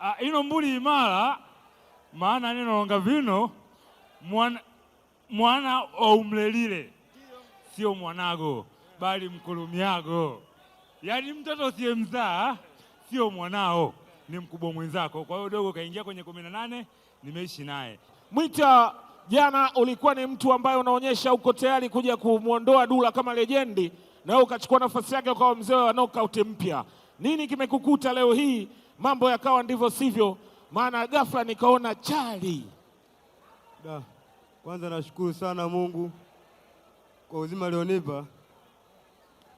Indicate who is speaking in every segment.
Speaker 1: uh, ino mbuli imala maana longa vino mwana, mwana umlelile sio mwanago bali mkulumyago, yaani mtoto usiye mzaa sio mwanao, ni mkubwa mwenzako. Kwa hiyo dogo kaingia kwenye kumi na nane, nimeishi naye.
Speaker 2: Mwita, jana ulikuwa ni mtu ambaye unaonyesha uko tayari kuja kumwondoa Dula kama lejendi na ukachukua nafasi yake ukawa mzee wa knockout mpya. Nini kimekukuta leo hii? mambo yakawa ndivyo sivyo, maana ghafla nikaona chali
Speaker 3: da. Kwanza nashukuru sana Mungu kwa uzima alionipa,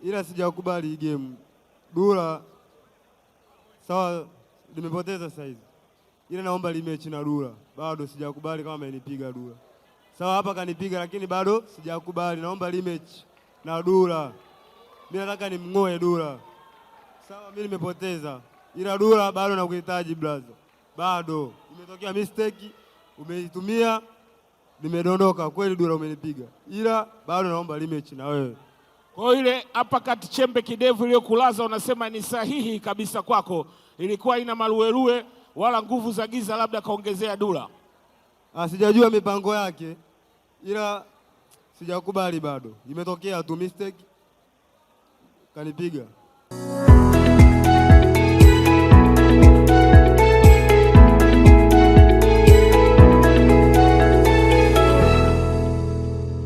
Speaker 3: ila sijakubali hii game dura. Sawa, nimepoteza saizi, ila naomba limechi na dura. Bado sijakubali kama amenipiga dura. Sawa, hapa kanipiga, lakini bado sijakubali. Naomba limechi na dura, mi nataka nimng'oe dura. Sawa, mi nimepoteza ila dura bado nakuhitaji brother, bado imetokea mistake, umeitumia nimedondoka kweli. dura umenipiga, ila bado naomba rematch na wewe.
Speaker 2: Kwa hiyo ile kati chembe kidevu iliyokulaza unasema ni sahihi kabisa kwako, ilikuwa ina maruerue wala nguvu za giza, labda kaongezea dura
Speaker 3: Ah, sijajua mipango yake, ila sijakubali bado, imetokea tu mistake, kanipiga.